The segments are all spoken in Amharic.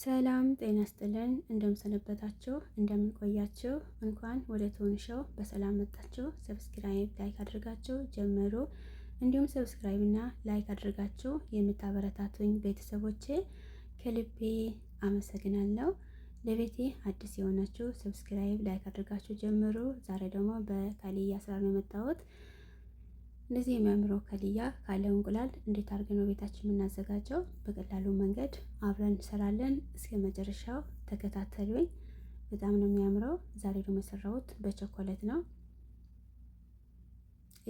ሰላም ጤና ስጥልን። እንደምሰነበታችሁ እንደምንቆያችሁ፣ እንኳን ወደ ቶን ሾው በሰላም መጣችሁ። ሰብስክራይብ ላይክ አድርጋችሁ ጀምሩ። እንዲሁም ሰብስክራይብ እና ላይክ አድርጋችሁ የምታበረታቱኝ ቤተሰቦቼ ከልቤ አመሰግናለሁ። ለቤቴ አዲስ የሆናችሁ ሰብስክራይብ ላይክ አድርጋችሁ ጀምሩ። ዛሬ ደግሞ በካሊያ ስራ ነው የመጣሁት። እንደዚህ የሚያምረው ከልያ ካለው እንቁላል እንዴት አድርገን ነው ቤታችን የምናዘጋጀው? በቀላሉ መንገድ አብረን እንሰራለን። እስከ መጨረሻው ተከታተሉኝ። በጣም ነው የሚያምረው። ዛሬ ደግሞ የሰራሁት በቸኮሌት ነው።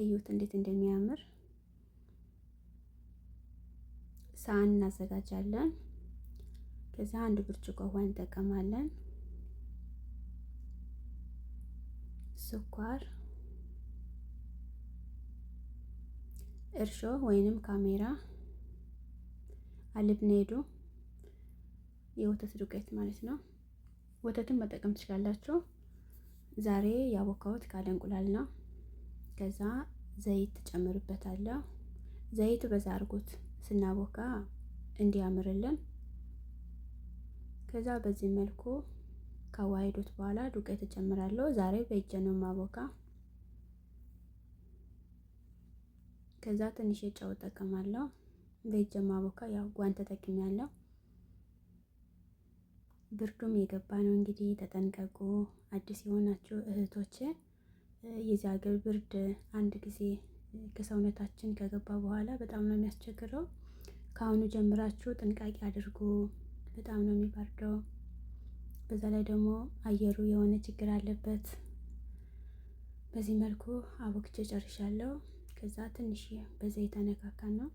እዩት እንዴት እንደሚያምር። ሳህን እናዘጋጃለን። ከዚያ አንድ ብርጭቆ ውሃ እንጠቀማለን። ስኳር እርሾ ወይንም ካሜራ አልብኔዶ የወተት ዱቄት ማለት ነው። ወተትን መጠቀም ትችላላችሁ። ዛሬ ያቦካሁት ካለ እንቁላል ነው። ከዛ ዘይት ትጨምርበታለሁ። ዘይት በዛ አርጉት ስናቦካ እንዲያምርልን። ከዛ በዚህ መልኩ ካዋሄዱት በኋላ ዱቄት እጨምራለሁ። ዛሬ በእጄ ነው ማቦካ ከዛ ትንሽ የጨው እጠቀማለሁ። በእጄ ማቦካ ያው ጓንት ተጠቅሜያለሁ። ብርዱም የገባ ነው እንግዲህ ተጠንቀቁ። አዲስ የሆናችሁ እህቶች የዚህ ሀገር ብርድ አንድ ጊዜ ከሰውነታችን ከገባ በኋላ በጣም ነው የሚያስቸግረው። ከአሁኑ ጀምራችሁ ጥንቃቄ አድርጉ። በጣም ነው የሚበርደው። በዛ ላይ ደግሞ አየሩ የሆነ ችግር አለበት። በዚህ መልኩ አቦክቼ ጨርሻለሁ። ከዛ ትንሽ በዘይት ነው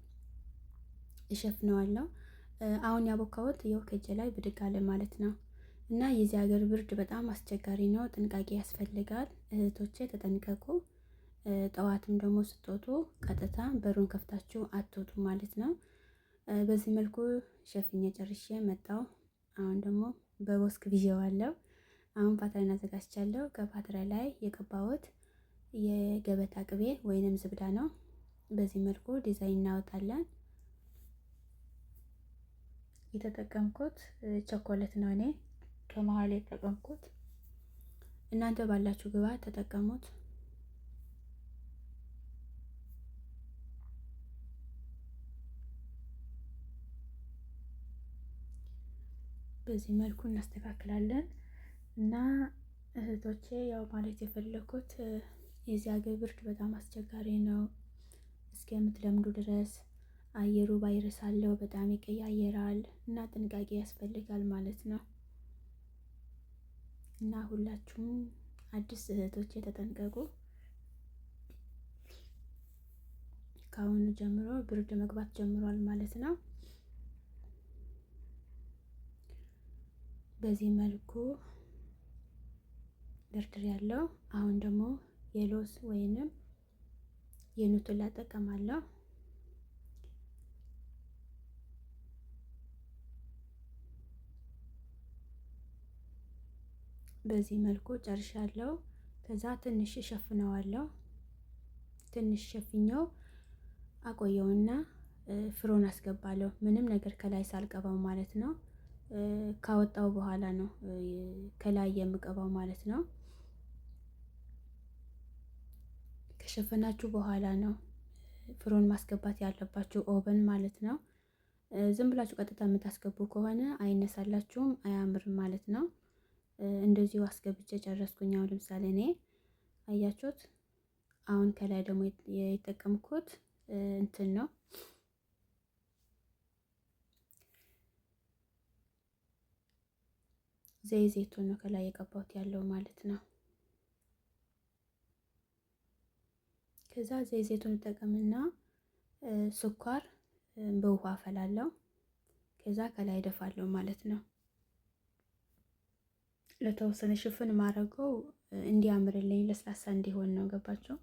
እሸፍነዋለሁ። አሁን ያቦካሁት የው ከጄ ላይ ብድግ አለ ማለት ነው። እና የዚህ ሀገር ብርድ በጣም አስቸጋሪ ነው። ጥንቃቄ ያስፈልጋል። እህቶቼ ተጠንቀቁ። ጠዋትም ደግሞ ስትወጡ ቀጥታ በሩን ከፍታችሁ አትወጡ ማለት ነው። በዚህ መልኩ ሸፍኜ ጨርሼ መጣው። አሁን ደግሞ በቦስክ በወስክ አለው። አሁን ፓትራን አዘጋጅቻለሁ። ከፓትራ ላይ የቀባሁት የገበታ ቅቤ ወይንም ዝብዳ ነው። በዚህ መልኩ ዲዛይን እናወጣለን። የተጠቀምኩት ቸኮሌት ነው እኔ ከመሀል የተጠቀምኩት። እናንተ ባላችሁ ግብአት ተጠቀሙት። በዚህ መልኩ እናስተካክላለን እና እህቶቼ ያው ማለት የፈለኩት የዚህ ሀገር ብርድ በጣም አስቸጋሪ ነው። እስከምትለምዱ ድረስ አየሩ ቫይረስ አለው፣ በጣም ይቀያየራል እና ጥንቃቄ ያስፈልጋል ማለት ነው። እና ሁላችሁም አዲስ እህቶች የተጠንቀቁ። ከአሁኑ ጀምሮ ብርድ መግባት ጀምሯል ማለት ነው። በዚህ መልኩ ድርድር ያለው አሁን ደግሞ የሎስ ወይንም የኑትላ ጠቀማለሁ። በዚህ መልኩ ጨርሻለሁ። ከዛ ትንሽ እሸፍነዋለሁ። ትንሽ ሸፍኘው አቆየውና ፍሮን አስገባለሁ። ምንም ነገር ከላይ ሳልቀባው ማለት ነው። ካወጣው በኋላ ነው ከላይ የምቀባው ማለት ነው። ከሸፈናችሁ በኋላ ነው ፍሮን ማስገባት ያለባችሁ ኦቨን ማለት ነው። ዝም ብላችሁ ቀጥታ የምታስገቡ ከሆነ አይነሳላችሁም፣ አያምርም ማለት ነው። እንደዚሁ አስገብቼ ጨረስኩኝ። አሁን ለምሳሌ እኔ አያችሁት። አሁን ከላይ ደግሞ የጠቀምኩት እንትን ነው ዘይት ነው ከላይ የቀባሁት ያለው ማለት ነው። ከዛ ዘይቱን ጠቀምና ስኳር በውሃ ፈላለው። ከዛ ከላይ ደፋለው ማለት ነው። ለተወሰነ ሽፍን ማድረገው እንዲያምርልኝ ለስላሳ እንዲሆን ነው። ገባቸው።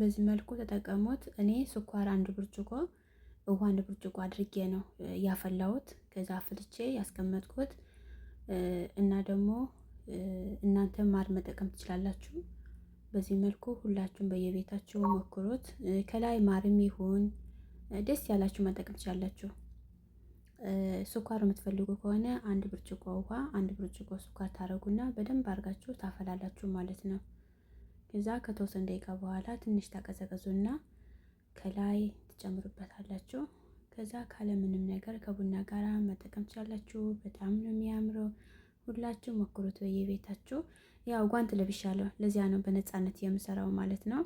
በዚህ መልኩ ተጠቀሙት። እኔ ስኳር አንድ ብርጭቆ ውሃ አንድ ብርጭቆ አድርጌ ነው ያፈላሁት። ከዛ አፍልቼ ያስቀመጥኩት እና ደግሞ እናንተ ማር መጠቀም ትችላላችሁ። በዚህ መልኩ ሁላችሁም በየቤታችሁ ሞክሩት። ከላይ ማርም ይሁን ደስ ያላችሁ መጠቀም ትችላላችሁ። ስኳር የምትፈልጉ ከሆነ አንድ ብርጭቆ ውሃ፣ አንድ ብርጭቆ ስኳር ታረጉና በደንብ አድርጋችሁ ታፈላላችሁ ማለት ነው። ከዛ ከተወሰነ ደቂቃ በኋላ ትንሽ ታቀዘቀዙና ከላይ ትጨምሩበታላችሁ። ከዛ ካለምንም ነገር ከቡና ጋር መጠቀም ትችላላችሁ። በጣም ነው የሚያምረው። ሁላችሁ ሞክሩት በየቤታችሁ። ያው ጓንት ለብሻለሁ፣ ለዚያ ነው በነፃነት የምሰራው ማለት ነው።